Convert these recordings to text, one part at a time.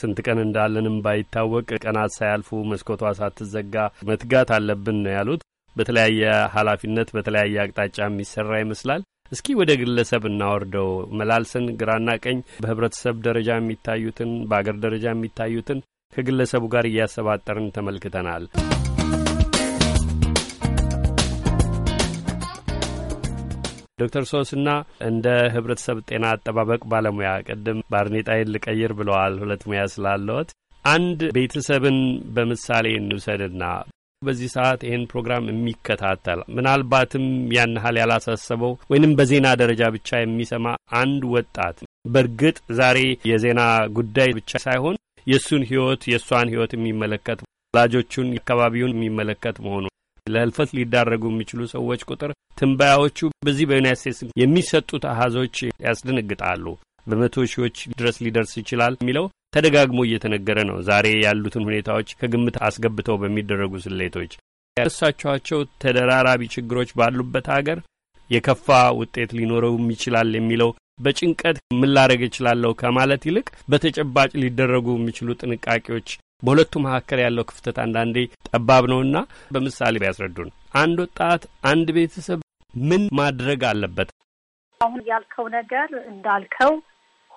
ስንት ቀን እንዳለንም ባይታወቅ ቀናት ሳያልፉ መስኮቷ ሳትዘጋ መትጋት አለብን ነው ያሉት። በተለያየ ኃላፊነት በተለያየ አቅጣጫ የሚሰራ ይመስላል። እስኪ ወደ ግለሰብ እናወርደው። መላልስን ግራና ቀኝ በህብረተሰብ ደረጃ የሚታዩትን በአገር ደረጃ የሚታዩትን ከግለሰቡ ጋር እያሰባጠርን ተመልክተናል። ዶክተር ሶስና እንደ ህብረተሰብ ጤና አጠባበቅ ባለሙያ ቅድም ባርኔጣዬን ልቀይር ብለዋል። ሁለት ሙያ ስላለዎት አንድ ቤተሰብን በምሳሌ እንውሰድና በዚህ ሰዓት ይህን ፕሮግራም የሚከታተል ምናልባትም ያን ያህል ያላሳሰበው ወይንም በዜና ደረጃ ብቻ የሚሰማ አንድ ወጣት በእርግጥ ዛሬ የዜና ጉዳይ ብቻ ሳይሆን የእሱን ህይወት የእሷን ህይወት የሚመለከት ወላጆቹን፣ አካባቢውን የሚመለከት መሆኑ ለህልፈት ሊዳረጉ የሚችሉ ሰዎች ቁጥር ትንበያዎቹ በዚህ በዩናይት ስቴትስ የሚሰጡት አሃዞች ያስደነግጣሉ። በመቶ ሺዎች ድረስ ሊደርስ ይችላል የሚለው ተደጋግሞ እየተነገረ ነው። ዛሬ ያሉትን ሁኔታዎች ከግምት አስገብተው በሚደረጉ ስሌቶች ያነሳችኋቸው ተደራራቢ ችግሮች ባሉበት አገር የከፋ ውጤት ሊኖረውም ይችላል የሚለው በጭንቀት ምን ላደርግ እችላለሁ ከማለት ይልቅ በተጨባጭ ሊደረጉ የሚችሉ ጥንቃቄዎች በሁለቱ መካከል ያለው ክፍተት አንዳንዴ ጠባብ ነውና በምሳሌ ቢያስረዱን። አንድ ወጣት አንድ ቤተሰብ ምን ማድረግ አለበት? አሁን ያልከው ነገር እንዳልከው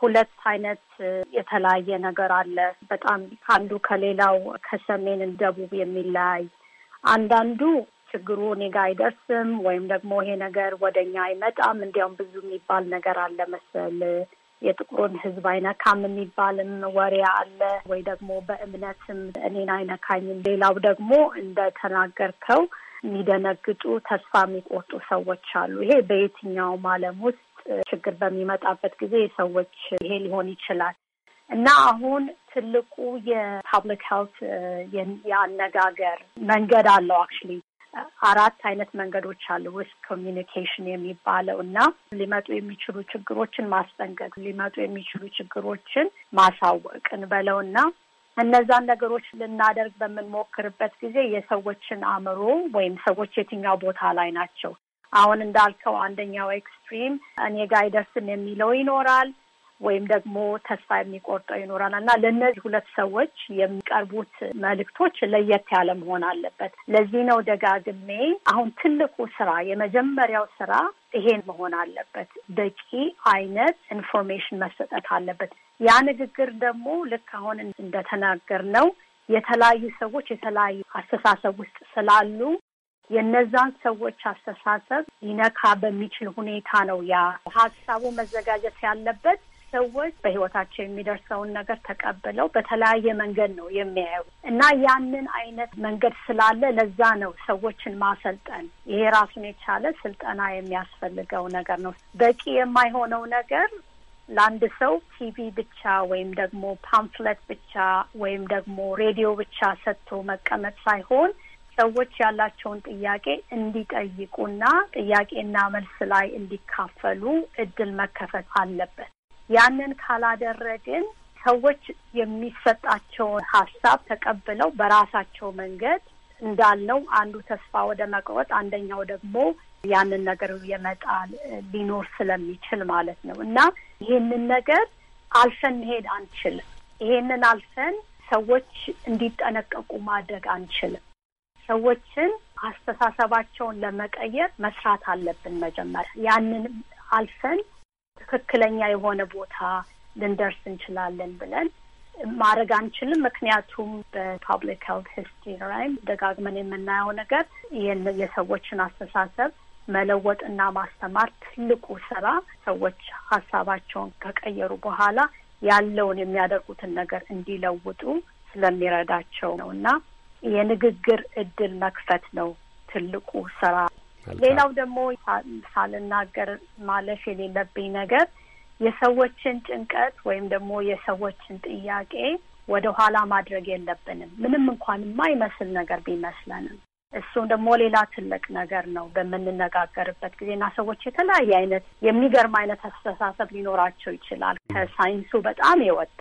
ሁለት አይነት የተለያየ ነገር አለ። በጣም አንዱ ከሌላው ከሰሜን ደቡብ የሚለያይ አንዳንዱ ችግሩ እኔ ጋ አይደርስም ወይም ደግሞ ይሄ ነገር ወደኛ አይመጣም እንዲያውም ብዙ የሚባል ነገር አለ መሰል የጥቁሩን ህዝብ አይነካም የሚባልም ወሬ አለ ወይ ደግሞ በእምነትም እኔን አይነካኝም። ሌላው ደግሞ እንደተናገርከው የሚደነግጡ ተስፋ የሚቆርጡ ሰዎች አሉ። ይሄ በየትኛውም ዓለም ውስጥ ችግር በሚመጣበት ጊዜ የሰዎች ይሄ ሊሆን ይችላል እና አሁን ትልቁ የፓብሊክ ሄልት የአነጋገር መንገድ አለው አክቹዋሊ አራት አይነት መንገዶች አሉ ውስጥ ኮሚኒኬሽን የሚባለው እና ሊመጡ የሚችሉ ችግሮችን ማስጠንቀቅ፣ ሊመጡ የሚችሉ ችግሮችን ማሳወቅ እንበለው እና እነዛን ነገሮች ልናደርግ በምንሞክርበት ጊዜ የሰዎችን አእምሮ ወይም ሰዎች የትኛው ቦታ ላይ ናቸው አሁን እንዳልከው አንደኛው ኤክስትሪም እኔ ጋ አይደርስም የሚለው ይኖራል። ወይም ደግሞ ተስፋ የሚቆርጠው ይኖራል እና ለእነዚህ ሁለት ሰዎች የሚቀርቡት መልእክቶች ለየት ያለ መሆን አለበት። ለዚህ ነው ደጋግሜ አሁን ትልቁ ስራ የመጀመሪያው ስራ ይሄን መሆን አለበት። በቂ አይነት ኢንፎርሜሽን መሰጠት አለበት። ያ ንግግር ደግሞ ልክ አሁን እንደተናገር ነው የተለያዩ ሰዎች የተለያዩ አስተሳሰብ ውስጥ ስላሉ የእነዛን ሰዎች አስተሳሰብ ሊነካ በሚችል ሁኔታ ነው ያ ሀሳቡ መዘጋጀት ያለበት። ሰዎች በህይወታቸው የሚደርሰውን ነገር ተቀብለው በተለያየ መንገድ ነው የሚያዩ እና ያንን አይነት መንገድ ስላለ ለዛ ነው ሰዎችን ማሰልጠን ይሄ ራሱን የቻለ ስልጠና የሚያስፈልገው ነገር ነው። በቂ የማይሆነው ነገር ለአንድ ሰው ቲቪ ብቻ ወይም ደግሞ ፓምፍለት ብቻ ወይም ደግሞ ሬዲዮ ብቻ ሰጥቶ መቀመጥ ሳይሆን ሰዎች ያላቸውን ጥያቄ እንዲጠይቁና ጥያቄና መልስ ላይ እንዲካፈሉ እድል መከፈት አለበት። ያንን ካላደረግን ሰዎች የሚሰጣቸውን ሀሳብ ተቀብለው በራሳቸው መንገድ እንዳልነው አንዱ ተስፋ ወደ መቁረጥ፣ አንደኛው ደግሞ ያንን ነገር የመጣል ሊኖር ስለሚችል ማለት ነው እና ይህንን ነገር አልፈን መሄድ አንችልም። ይሄንን አልፈን ሰዎች እንዲጠነቀቁ ማድረግ አንችልም። ሰዎችን አስተሳሰባቸውን ለመቀየር መስራት አለብን መጀመሪያ። ያንን አልፈን ትክክለኛ የሆነ ቦታ ልንደርስ እንችላለን ብለን ማድረግ አንችልም። ምክንያቱም በፓብሊክ ሄልት ሂስትሪ ላይም ደጋግመን የምናየው ነገር ይህን የሰዎችን አስተሳሰብ መለወጥና ማስተማር ትልቁ ስራ ሰዎች ሀሳባቸውን ከቀየሩ በኋላ ያለውን የሚያደርጉትን ነገር እንዲለውጡ ስለሚረዳቸው ነው እና የንግግር እድል መክፈት ነው ትልቁ ስራ ሌላው ደግሞ ሳልናገር ማለፍ የሌለብኝ ነገር የሰዎችን ጭንቀት ወይም ደግሞ የሰዎችን ጥያቄ ወደ ኋላ ማድረግ የለብንም። ምንም እንኳን የማይመስል ነገር ቢመስለንም እሱም ደግሞ ሌላ ትልቅ ነገር ነው። በምንነጋገርበት ጊዜና ሰዎች የተለያየ አይነት የሚገርም አይነት አስተሳሰብ ሊኖራቸው ይችላል። ከሳይንሱ በጣም የወጣ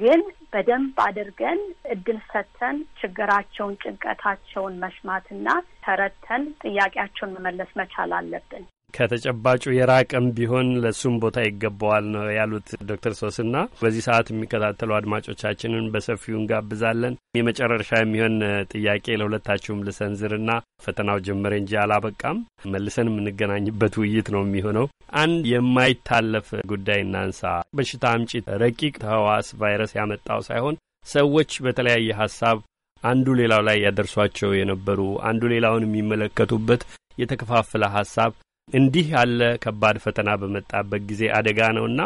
ግን በደንብ አድርገን እድል ሰጥተን ችግራቸውን ጭንቀታቸውን መስማትና ተረድተን ጥያቄያቸውን መመለስ መቻል አለብን። ከተጨባጩ የራቀም ቢሆን ለሱም ቦታ ይገባዋል ነው ያሉት ዶክተር ሶስና። በዚህ ሰዓት የሚከታተሉ አድማጮቻችንን በሰፊው እንጋብዛለን። የመጨረሻ የሚሆን ጥያቄ ለሁለታችሁም ልሰንዝርና ፈተናው ጀመረ እንጂ አላበቃም፣ መልሰን የምንገናኝበት ውይይት ነው የሚሆነው። አንድ የማይታለፍ ጉዳይ እናንሳ። በሽታ አምጪ ረቂቅ ተህዋስ ቫይረስ ያመጣው ሳይሆን ሰዎች በተለያየ ሀሳብ አንዱ ሌላው ላይ ያደርሷቸው የነበሩ አንዱ ሌላውን የሚመለከቱበት የተከፋፈለ ሀሳብ እንዲህ ያለ ከባድ ፈተና በመጣበት ጊዜ አደጋ ነውና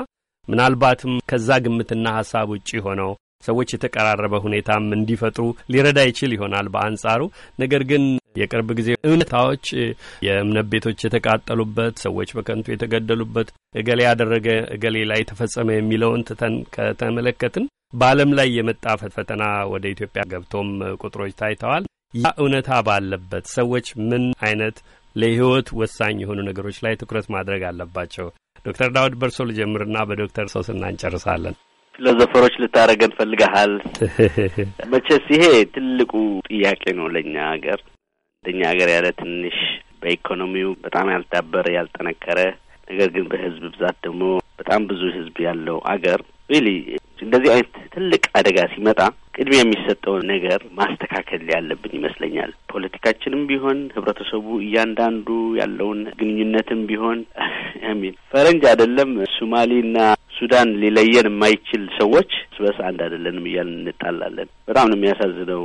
ምናልባትም ከዛ ግምትና ሀሳብ ውጪ ሆነው ሰዎች የተቀራረበ ሁኔታም እንዲፈጥሩ ሊረዳ ይችል ይሆናል በአንጻሩ። ነገር ግን የቅርብ ጊዜ እውነታዎች የእምነት ቤቶች የተቃጠሉበት፣ ሰዎች በከንቱ የተገደሉበት፣ እገሌ ያደረገ እገሌ ላይ ተፈጸመ የሚለውን ትተን ከተመለከትን በዓለም ላይ የመጣ ፈተና ወደ ኢትዮጵያ ገብቶም ቁጥሮች ታይተዋል። ያ እውነታ ባለበት ሰዎች ምን አይነት ለህይወት ወሳኝ የሆኑ ነገሮች ላይ ትኩረት ማድረግ አለባቸው። ዶክተር ዳውድ በርሶ ልጀምርና በዶክተር ሶስና እንጨርሳለን። ለዘፈሮች ልታደረገን ፈልገሃል። መቼስ ይሄ ትልቁ ጥያቄ ነው ለእኛ ሀገር ለእኛ ሀገር ያለ ትንሽ በኢኮኖሚው በጣም ያልዳበረ ያልጠነከረ ነገር ግን በህዝብ ብዛት ደግሞ በጣም ብዙ ህዝብ ያለው አገር ሪሊ እንደዚህ አይነት ትልቅ አደጋ ሲመጣ ቅድሚያ የሚሰጠው ነገር ማስተካከል ያለብን ይመስለኛል። ፖለቲካችንም ቢሆን ህብረተሰቡ እያንዳንዱ ያለውን ግንኙነትም ቢሆን ሚን ፈረንጅ አይደለም ሱማሌና ሱዳን ሊለየን የማይችል ሰዎች ስበስ አንድ አይደለንም እያልን እንጣላለን። በጣም ነው የሚያሳዝነው።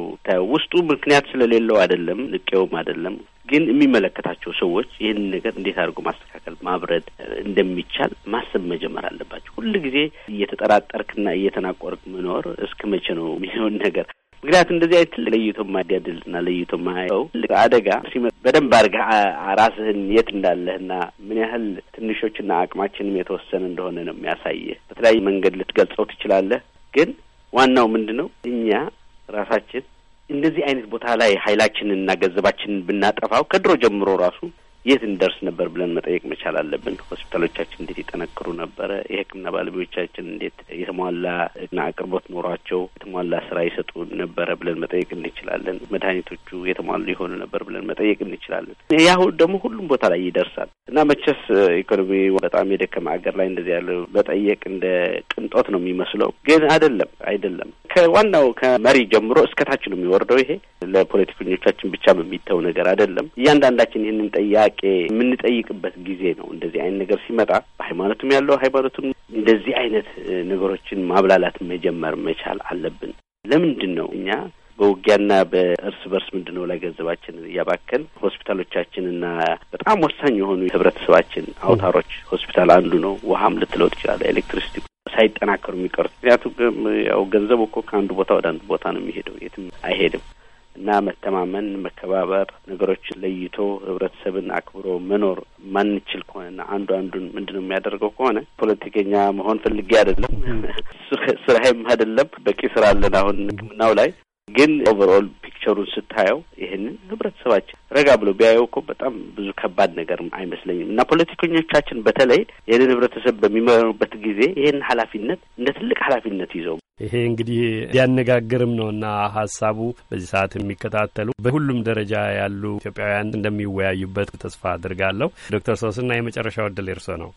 ውስጡ ምክንያት ስለሌለው አይደለም፣ ንቄውም አይደለም። ግን የሚመለከታቸው ሰዎች ይህንን ነገር እንዴት አድርጎ ማስተካከል ማብረድ እንደሚቻል ማሰብ መጀመር አለባቸው። ሁል ጊዜ እየተጠራጠርክና እየተናቆርክ መኖር እስከ መቼ ነው የሚሆን ነገር? ምክንያቱ እንደዚህ አይነት ትልቅ ለይቶ ማዲያድል ና ለይቶ ማየው ትልቅ አደጋ ሲመ በደንብ አድርገህ ራስህን የት እንዳለህና ምን ያህል ትንሾችና አቅማችንም የተወሰነ እንደሆነ ነው የሚያሳየህ። በተለያየ መንገድ ልትገልጸው ትችላለህ። ግን ዋናው ምንድን ነው እኛ ራሳችን እንደዚህ አይነት ቦታ ላይ ኃይላችንን እና ገንዘባችንን ብናጠፋው ከድሮ ጀምሮ ራሱ የት እንደርስ ነበር ብለን መጠየቅ መቻል አለብን። ሆስፒታሎቻችን እንዴት የጠነክሩ ነበረ? የሕክምና ባለሙያዎቻችን እንዴት የተሟላ ና አቅርቦት ኖሯቸው የተሟላ ስራ ይሰጡ ነበረ ብለን መጠየቅ እንችላለን። መድኃኒቶቹ የተሟሉ የሆኑ ነበር ብለን መጠየቅ እንችላለን። ያ ደግሞ ሁሉም ቦታ ላይ ይደርሳል። እና መቼስ ኢኮኖሚ በጣም የደከመ አገር ላይ እንደዚህ ያለው መጠየቅ እንደ ቅንጦት ነው የሚመስለው፣ ግን አይደለም አይደለም። ከዋናው ከመሪ ጀምሮ እስከታች ነው የሚወርደው። ይሄ ለፖለቲከኞቻችን ብቻ በሚተው ነገር አይደለም። እያንዳንዳችን ይህንን ጥያቄ የምንጠይቅበት ጊዜ ነው። እንደዚህ አይነት ነገር ሲመጣ በሃይማኖትም ያለው ሃይማኖቱን እንደዚህ አይነት ነገሮችን ማብላላት መጀመር መቻል አለብን። ለምንድን ነው እኛ በውጊያና በእርስ በርስ ምንድነው ላይ ገንዘባችን እያባከን ሆስፒታሎቻችንና በጣም ወሳኝ የሆኑ የህብረተሰባችን አውታሮች ሆስፒታል አንዱ ነው። ውሀም ልትለው ትችላለህ። ኤሌክትሪሲቲ ሳይጠናከሩ የሚቀሩት ምክንያቱም ያው ገንዘቡ እኮ ከአንዱ ቦታ ወደ አንዱ ቦታ ነው የሚሄደው፣ የትም አይሄድም። እና መተማመን፣ መከባበር፣ ነገሮችን ለይቶ ህብረተሰብን አክብሮ መኖር ማንችል ከሆነና አንዱ አንዱን ምንድነው የሚያደርገው ከሆነ ፖለቲከኛ መሆን ፈልጌ አይደለም፣ ስራዬም አይደለም። በቂ ስራ አለን አሁን ህክምናው ላይ ግን ኦቨርኦል ፒክቸሩን ስታየው ይህንን ህብረተሰባችን ረጋ ብሎ ቢያየው እኮ በጣም ብዙ ከባድ ነገር አይመስለኝም። እና ፖለቲከኞቻችን በተለይ ይህንን ህብረተሰብ በሚመሩበት ጊዜ ይህን ኃላፊነት እንደ ትልቅ ኃላፊነት ይዘው ይሄ እንግዲህ ሊያነጋግርም ነው እና ሀሳቡ በዚህ ሰዓት የሚከታተሉ በሁሉም ደረጃ ያሉ ኢትዮጵያውያን እንደሚወያዩበት ተስፋ አድርጋለሁ። ዶክተር ሶስና የመጨረሻው ዕድል እርሶ ነው።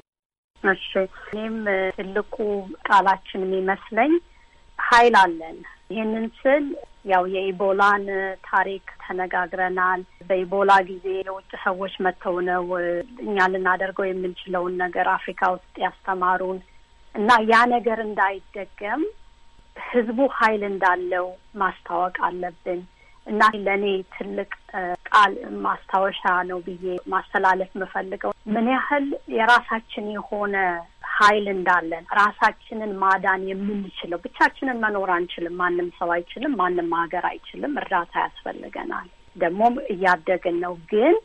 እሺ እኔም ትልቁ ቃላችን የሚመስለኝ ሀይል አለን ይህንን ስል ያው የኢቦላን ታሪክ ተነጋግረናል። በኢቦላ ጊዜ የውጭ ሰዎች መጥተው ነው እኛ ልናደርገው የምንችለውን ነገር አፍሪካ ውስጥ ያስተማሩን እና ያ ነገር እንዳይደገም ህዝቡ ኃይል እንዳለው ማስታወቅ አለብን እና ለእኔ ትልቅ ቃል ማስታወሻ ነው ብዬ ማስተላለፍ የምፈልገው ምን ያህል የራሳችን የሆነ ኃይል እንዳለን ራሳችንን ማዳን የምንችለው ብቻችንን መኖር አንችልም። ማንም ሰው አይችልም። ማንም ሀገር አይችልም። እርዳታ ያስፈልገናል። ደግሞም እያደግን ነው። ግን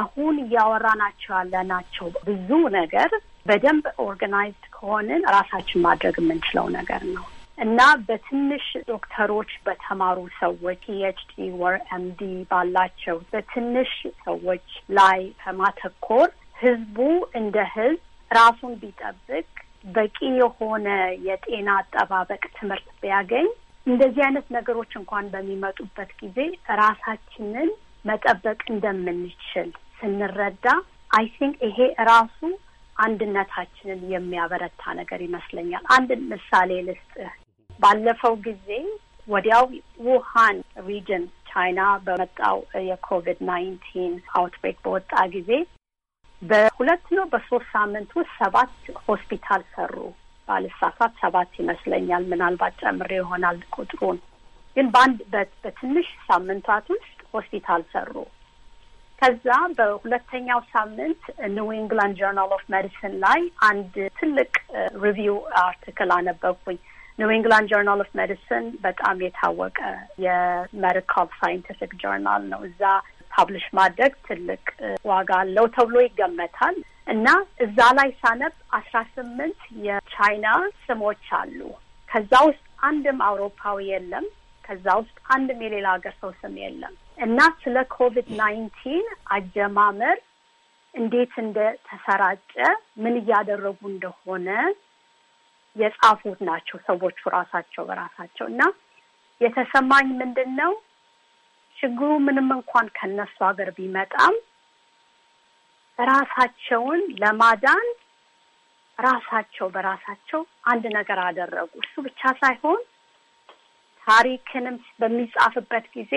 አሁን እያወራናቸው ያለናቸው ብዙ ነገር በደንብ ኦርጋናይዝድ ከሆንን ራሳችን ማድረግ የምንችለው ነገር ነው እና በትንሽ ዶክተሮች በተማሩ ሰዎች ፒኤችዲ ወር ኤምዲ ባላቸው በትንሽ ሰዎች ላይ ከማተኮር ህዝቡ እንደ ህዝብ ራሱን ቢጠብቅ በቂ የሆነ የጤና አጠባበቅ ትምህርት ቢያገኝ እንደዚህ አይነት ነገሮች እንኳን በሚመጡበት ጊዜ ራሳችንን መጠበቅ እንደምንችል ስንረዳ አይ ቲንክ ይሄ ራሱ አንድነታችንን የሚያበረታ ነገር ይመስለኛል። አንድ ምሳሌ ልስጥህ። ባለፈው ጊዜ ወዲያው ውሃን ሪጅን ቻይና በመጣው የኮቪድ ናይንቲን አውትብሬክ በወጣ ጊዜ በሁለት ነው በሶስት ሳምንት ውስጥ ሰባት ሆስፒታል ሰሩ። ባልሳሳት ሰባት ይመስለኛል። ምናልባት ጨምሬ ይሆናል ቁጥሩን። ግን በአንድ በትንሽ ሳምንታት ውስጥ ሆስፒታል ሰሩ። ከዛ በሁለተኛው ሳምንት ኒው ኢንግላንድ ጆርናል ኦፍ ሜዲሲን ላይ አንድ ትልቅ ሪቪው አርቲክል አነበብኩኝ። ኒው ኢንግላንድ ጆርናል ኦፍ ሜዲሲን በጣም የታወቀ የሜዲካል ሳይንቲፊክ ጆርናል ነው። እዛ ፓብሊሽ ማድረግ ትልቅ ዋጋ አለው ተብሎ ይገመታል እና እዛ ላይ ሳነብ አስራ ስምንት የቻይና ስሞች አሉ። ከዛ ውስጥ አንድም አውሮፓዊ የለም። ከዛ ውስጥ አንድም የሌላ ሀገር ሰው ስም የለም እና ስለ ኮቪድ ናይንቲን አጀማመር እንዴት እንደተሰራጨ ምን እያደረጉ እንደሆነ የጻፉት ናቸው ሰዎቹ ራሳቸው በራሳቸው እና የተሰማኝ ምንድን ነው ችግሩ ምንም እንኳን ከነሱ ሀገር ቢመጣም ራሳቸውን ለማዳን ራሳቸው በራሳቸው አንድ ነገር አደረጉ። እሱ ብቻ ሳይሆን ታሪክንም በሚጻፍበት ጊዜ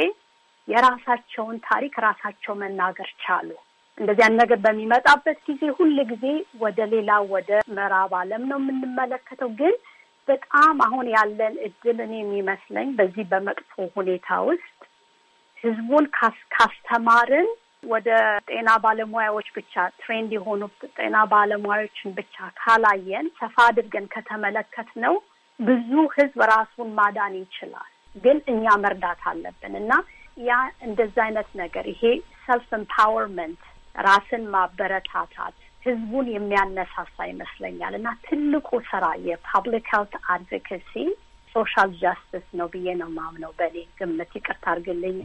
የራሳቸውን ታሪክ ራሳቸው መናገር ቻሉ። እንደዚያን ነገር በሚመጣበት ጊዜ ሁል ጊዜ ወደ ሌላ ወደ ምዕራብ ዓለም ነው የምንመለከተው። ግን በጣም አሁን ያለን እድል እኔ የሚመስለኝ በዚህ በመጥፎ ሁኔታ ውስጥ ህዝቡን ካስተማርን ወደ ጤና ባለሙያዎች ብቻ ትሬንድ የሆኑ ጤና ባለሙያዎችን ብቻ ካላየን ሰፋ አድርገን ከተመለከት ነው ብዙ ህዝብ ራሱን ማዳን ይችላል። ግን እኛ መርዳት አለብን እና ያ እንደዛ አይነት ነገር ይሄ ሰልፍ ኤምፓወርመንት ራስን ማበረታታት ህዝቡን የሚያነሳሳ ይመስለኛል እና ትልቁ ስራ የፓብሊክ ሄልት አድቮኬሲ ሶሻል ጃስቲስ ነው ብዬ ነው ማምነው በእኔ ግምት። ይቅርታ አድርግልኝ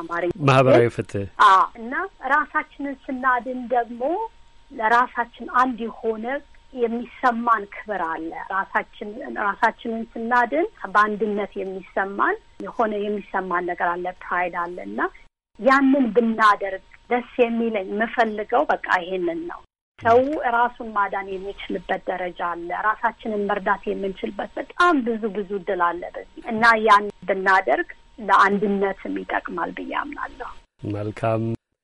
አማርኛ ማህበራዊ ፍትህ እና ራሳችንን ስናድን ደግሞ ለራሳችን አንድ የሆነ የሚሰማን ክብር አለ። ራሳችን ራሳችንን ስናድን በአንድነት የሚሰማን የሆነ የሚሰማን ነገር አለ፣ ፕራይድ አለ እና ያንን ብናደርግ ደስ የሚለኝ የምፈልገው በቃ ይሄንን ነው። ሰው ራሱን ማዳን የሚችልበት ደረጃ አለ። ራሳችንን መርዳት የምንችልበት በጣም ብዙ ብዙ እድል አለ በዚህ እና ያን ብናደርግ ለአንድነትም ይጠቅማል ብዬ አምናለሁ። መልካም።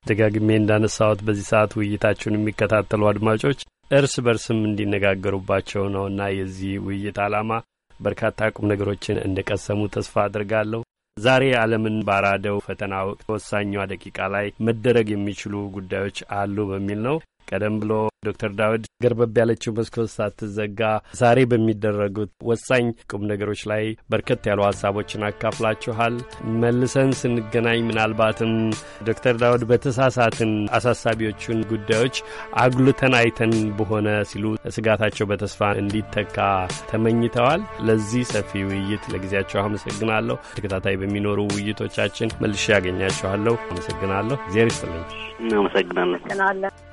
ደጋግሜ እንዳነሳሁት በዚህ ሰዓት ውይይታችሁን የሚከታተሉ አድማጮች እርስ በርስም እንዲነጋገሩባቸው ነው እና የዚህ ውይይት ዓላማ በርካታ ቁም ነገሮችን እንደ ቀሰሙ ተስፋ አድርጋለሁ። ዛሬ ዓለምን ባራደው ፈተና ወቅት ወሳኛዋ ደቂቃ ላይ መደረግ የሚችሉ ጉዳዮች አሉ በሚል ነው ቀደም ብሎ ዶክተር ዳዊድ ገርበብ ያለችው መስኮት ሳትዘጋ ዛሬ በሚደረጉት ወሳኝ ቁም ነገሮች ላይ በርከት ያሉ ሀሳቦችን አካፍላችኋል። መልሰን ስንገናኝ ምናልባትም ዶክተር ዳዊድ በተሳሳትን አሳሳቢዎቹን ጉዳዮች አጉልተን አይተን በሆነ ሲሉ ስጋታቸው በተስፋ እንዲተካ ተመኝተዋል። ለዚህ ሰፊ ውይይት ለጊዜያቸው አመሰግናለሁ። ተከታታይ በሚኖሩ ውይይቶቻችን መልሼ ያገኛችኋለሁ። አመሰግናለሁ። እግዚአብሔር ይስጥልኝ። እናመሰግናለን።